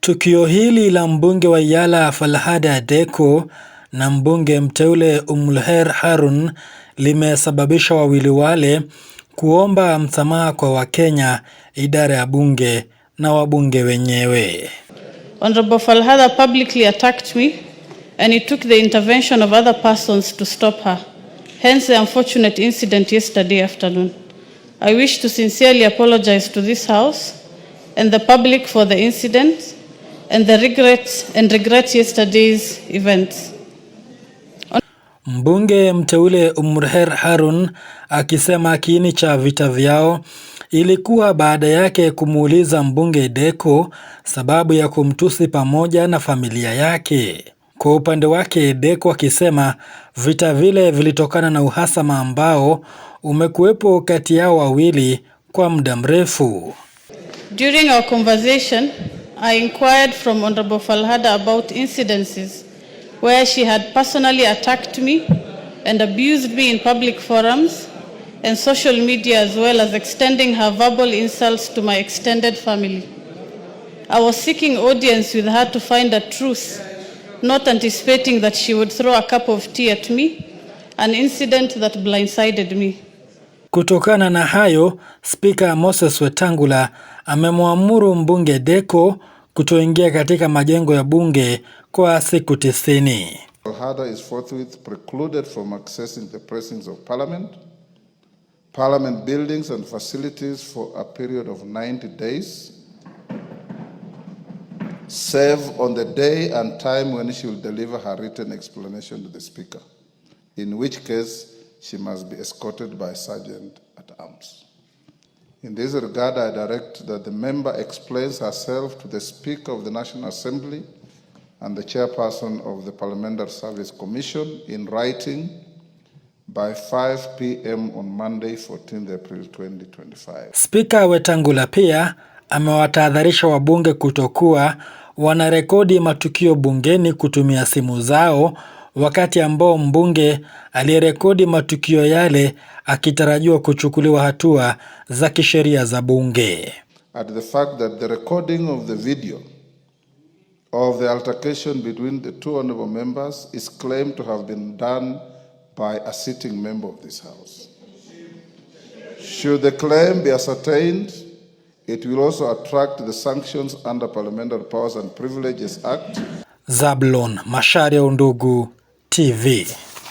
Tukio hili la mbunge wa Yala Falhada Deko na mbunge mteule Umulher Harun limesababisha wawili wale kuomba msamaha kwa Wakenya, idara ya bunge na wabunge wenyewe. Honorable Falhada publicly attacked me and it took the intervention of other persons to stop her. Hence the unfortunate incident yesterday afternoon. I wish to sincerely apologize to this house and the public for the incident and the regret, and regret yesterday's events. Mbunge mteule Umurher Harun akisema kiini cha vita vyao ilikuwa baada yake kumuuliza mbunge Deko sababu ya kumtusi pamoja na familia yake. Kwa upande wake, Deko akisema vita vile vilitokana na uhasama ambao umekuwepo kati yao wawili kwa muda mrefu. During our conversation, I inquired from Honorable Falhada about incidences where she had personally attacked me and abused me in public forums and social media as well as extending her verbal insults to my extended family. I was seeking audience with her to find a truth, not anticipating that she would throw a cup of tea at me, an incident that blindsided me. Kutokana na hayo, Spika Moses Wetangula amemwamuru mbunge deko kutoingia katika majengo ya bunge kwa siku 90. Mulhada is forthwith precluded from accessing the presence of parliament, parliament buildings and facilities for a period of 90 days save on the day and time when she will deliver her written explanation to the speaker in which case she must be escorted by sergeant at arms. In this regard, I direct that the member explains herself to the Speaker of the National Assembly and the chairperson of the Parliamentary Service Commission in writing by 5 p.m. on Monday 14 th April 2025. Speaker Wetangula pia amewatahadharisha wabunge kutokuwa wanarekodi matukio bungeni kutumia simu zao wakati ambao mbunge aliyerekodi matukio yale akitarajiwa kuchukuliwa hatua za kisheria za bunge. At the fact that the recording of the video of the altercation between the two honorable members is claimed to have been done by a sitting member of this house. Should the claim be ascertained, it will also attract the sanctions under Parliamentary Powers and Privileges Act. Zablon Macharia, Undugu TV.